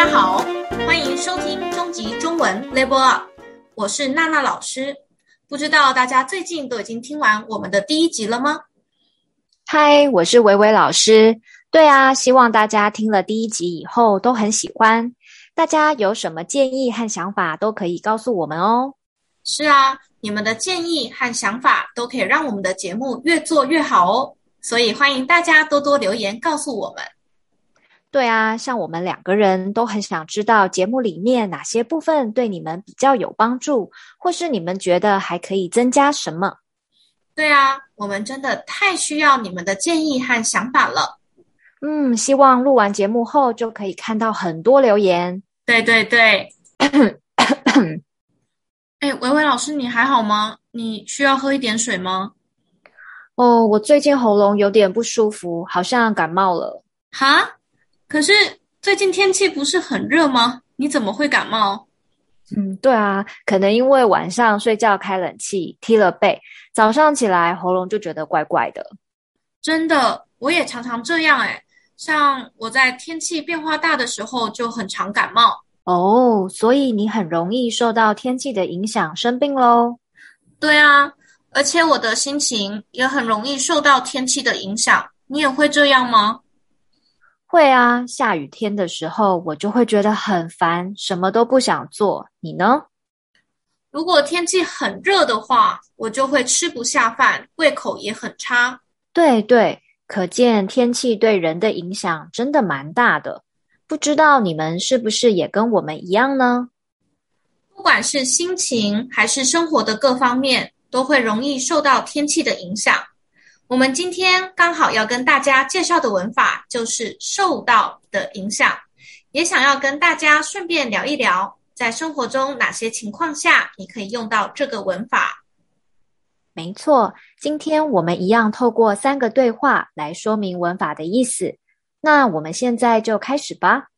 大家好，歡迎收聽中級中文 Level Up。我是娜娜老師。不知道大家最近都已經聽完我們的第一集了嗎？嗨，我是韋韋老師。對啊，希望大家聽了第一集以後都很喜歡。大家有什麼建議和想法都可以告訴我們哦。是啊，你們的建議和想法都可以讓我們的節目越做越好哦。所以歡迎大家多多留言告訴我們。對啊，像我們兩個人都很想知道節目裡面哪些部分對你們比較有幫助，或是你們覺得還可以增加什麼？對啊，我們真的太需要你們的建議和想法了。嗯，希望錄完節目後就可以看到很多留言。對對對。哎，韋 韋 老師，你還好嗎？你需要喝一點水嗎？哦，我最近喉嚨有點不舒服，好像感冒了。哈？可是最近天氣不是很熱嗎？你怎麼會感冒？嗯，對啊，可能因為晚上睡覺開冷氣踢了被，早上起來喉嚨就覺得怪怪的。真的，我也常常這樣哎，像我在天氣變化大的時候就很常感冒。哦，oh, 所以你很容易受到天氣的影響生病咯。對啊，而且我的心情也很容易受到天氣的影響。你也會這樣嗎？會啊，下雨天的時候我就會覺得很煩，什麼都不想做。你呢？如果天氣很熱的話，我就會吃不下飯，胃口也很差。對對，可見天氣對人的影響真的蠻大的。不知道你們是不是也跟我們一樣呢？不管是心情還是生活的各方面，都會容易受到天氣的影響。我們今天剛好要跟大家介紹的文法就是受到的影響，也想要跟大家順便聊一聊，在生活中哪些情況下你可以用到這個文法。沒錯，今天我們一樣透過三個對話來說明文法的意思。那我們現在就開始吧。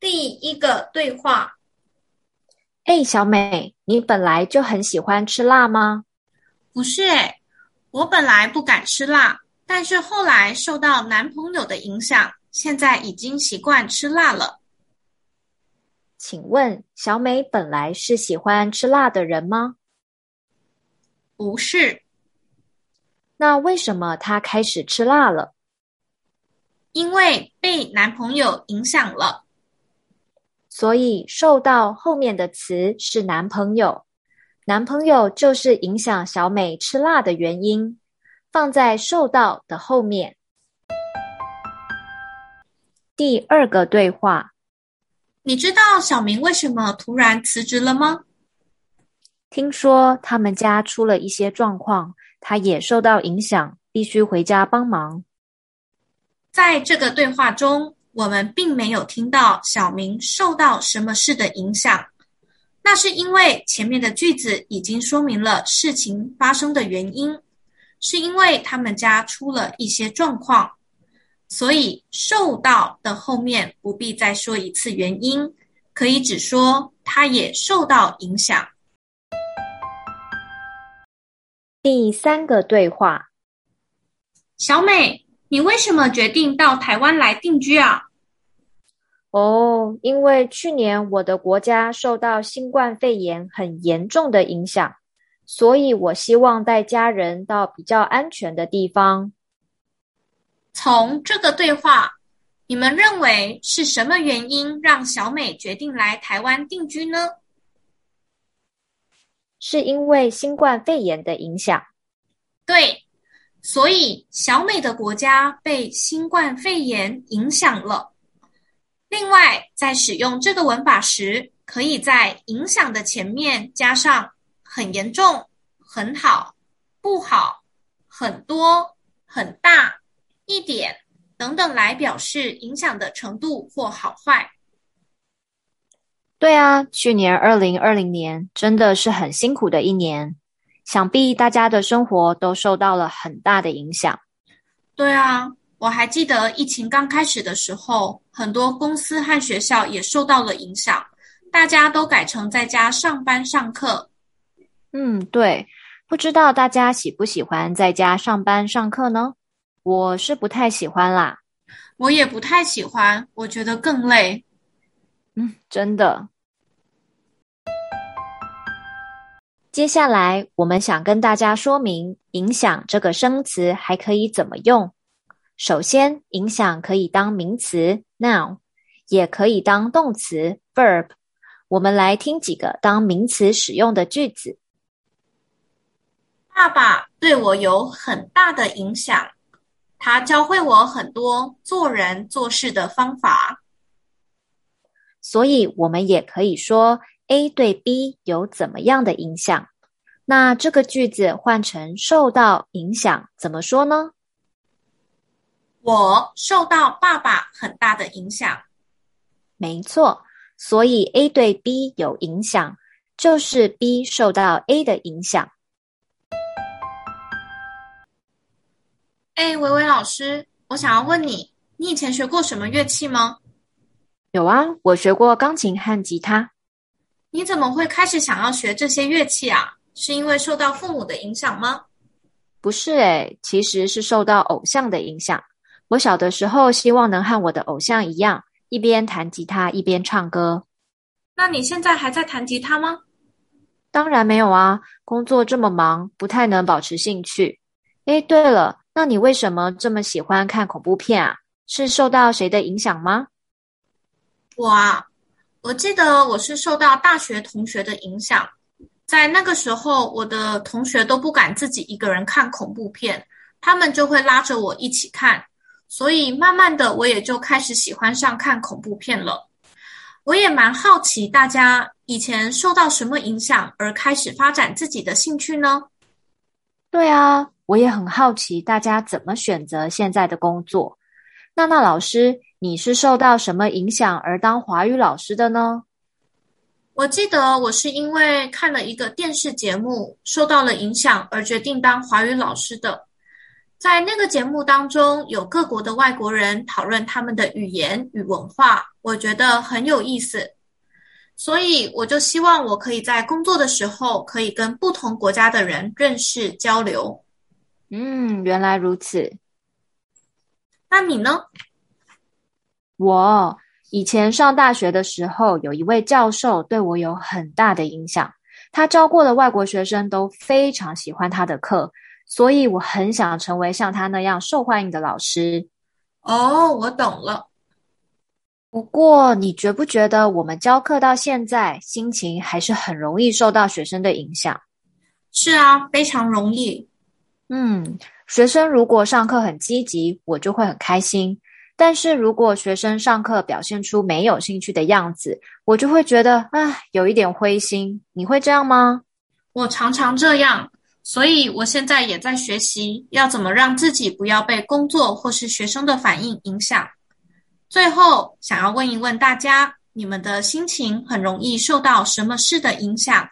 第一個對話：哎，小美，你本來就很喜歡吃辣嗎？不是誒，我本來不敢吃辣，但是後來受到男朋友的影響，現在已經習慣吃辣了。請問，小美本來是喜歡吃辣的人嗎？不是。那為什麼她開始吃辣了？因為被男朋友影響了。所以受到後面的詞是男朋友。男朋友就是影響小美吃辣的原因，放在受到的後面。第二個對話，你知道小明為什麼突然辭職了嗎？聽說他們家出了一些狀況，他也受到影響，必須回家幫忙。在這個對話中，我們並沒有聽到小明受到什麼事的影響。那是因為前面的句子已經說明了事情發生的原因，是因為他們家出了一些狀況，所以受到的後面不必再說一次原因，可以只說他也受到影響。第三個對話。小美，你為什麼決定到台灣來定居啊？哦，oh, 因為去年我的國家受到新冠肺炎很嚴重的影響，所以我希望帶家人到比較安全的地方。從這個對話，你們認為是什麼原因讓小美決定來台灣定居呢？是因為新冠肺炎的影響。對，所以小美的國家被新冠肺炎影響了。另外，在使用這個文法時，可以在“影響”的前面加上“很嚴重”“很好”“不好”“很多”“很大”“一點”等等來表示影響的程度或好壞。對啊，去年二零二零年真的是很辛苦的一年，想必大家的生活都受到了很大的影響。對啊。我還記得疫情剛開始的時候，很多公司和學校也受到了影響，大家都改成在家上班上課。嗯，對。不知道大家喜不喜歡在家上班上課呢？我是不太喜歡啦。我也不太喜歡，我覺得更累。嗯，真的。接下來我們想跟大家說明“影響”這個生詞還可以怎麼用。首先，影響可以當名詞 （noun），也可以當動詞 （verb）。我們來聽幾個當名詞使用的句子。爸爸對我有很大的影響，他教會我很多做人做事的方法。所以，我們也可以說 A 對 B 有怎麼樣的影響。那這個句子換成受到影響，怎麼說呢？我受到爸爸很大的影響，沒錯，所以 A 對 B 有影響，就是 B 受到 A 的影響。誒，韋韋老師，我想要問你，你以前學過什麼樂器嗎？有啊，我學過鋼琴和吉他。你怎麼會開始想要學這些樂器啊？是因為受到父母的影響嗎？不是誒，其實是受到偶像的影響。我小的時候希望能和我的偶像一樣，一邊彈吉他一邊唱歌。那你現在還在彈吉他嗎？當然沒有啊，工作這麼忙，不太能保持興趣。誒，對了，那你為什麼這麼喜歡看恐怖片啊？是受到誰的影響嗎？我啊，我記得我是受到大學同學的影響。在那個時候，我的同學都不敢自己一個人看恐怖片，他們就會拉着我一起看。所以慢慢的，我也就開始喜歡上看恐怖片了。我也蠻好奇，大家以前受到什麼影響而開始發展自己的興趣呢？對啊，我也很好奇大家怎麼選擇現在的工作。娜娜老師，你是受到什麼影響而當華語老師的呢？我記得我是因為看了一個電視節目，受到了影響而決定當華語老師的。在那個節目當中，有各國的外國人討論他們的語言與文化，我覺得很有意思，所以我就希望我可以在工作的時候可以跟不同國家的人認識交流。嗯，原來如此。那你呢？我以前上大學的時候，有一位教授對我有很大的影響，他教過的外國學生都非常喜歡他的課。所以我很想成為像他那樣受歡迎的老師，哦，我懂了。不過你覺不覺得我們教課到現在，心情還是很容易受到學生的影響？是啊，非常容易。嗯，學生如果上課很積極，我就會很開心；但是如果學生上課表現出沒有興趣的樣子，我就會覺得，唉，有一點灰心。你會這樣嗎？我常常這樣。所以，我現在也在學習要怎麼讓自己不要被工作或是學生的反應影響。最後，想要問一問大家，你們的心情很容易受到什麼事的影響？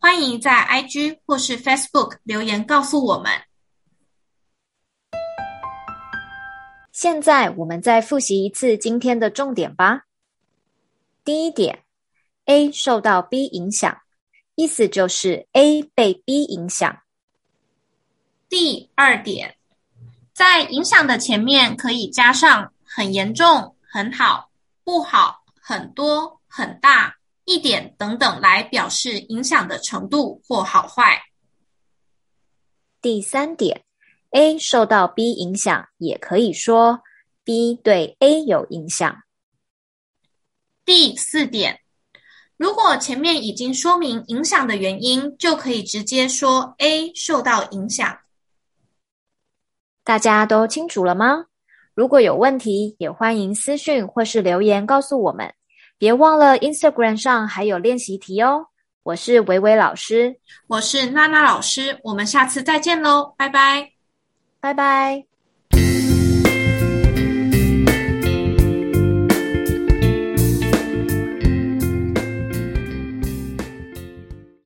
歡迎在 IG 或是 Facebook 留言告訴我們。現在，我們再複習一次今天的重點吧。第一點，A 受到 B 影響，意思就是 A 被 B 影響。第二點，在影響的前面可以加上很嚴重、很好、不好、很多、很大、一點等等來表示影響的程度或好壞。第三點，A 受到 B 影響，也可以說 B 對 A 有影響。第四點，如果前面已經說明影響的原因，就可以直接說 A 受到影響。大家都清楚了嗎？如果有問題，也歡迎私訊或是留言告訴我們。別忘了 Instagram 上還有練習題哦！我是韋韋老師，我是娜娜老師，我們下次再見嘍，拜拜，拜拜。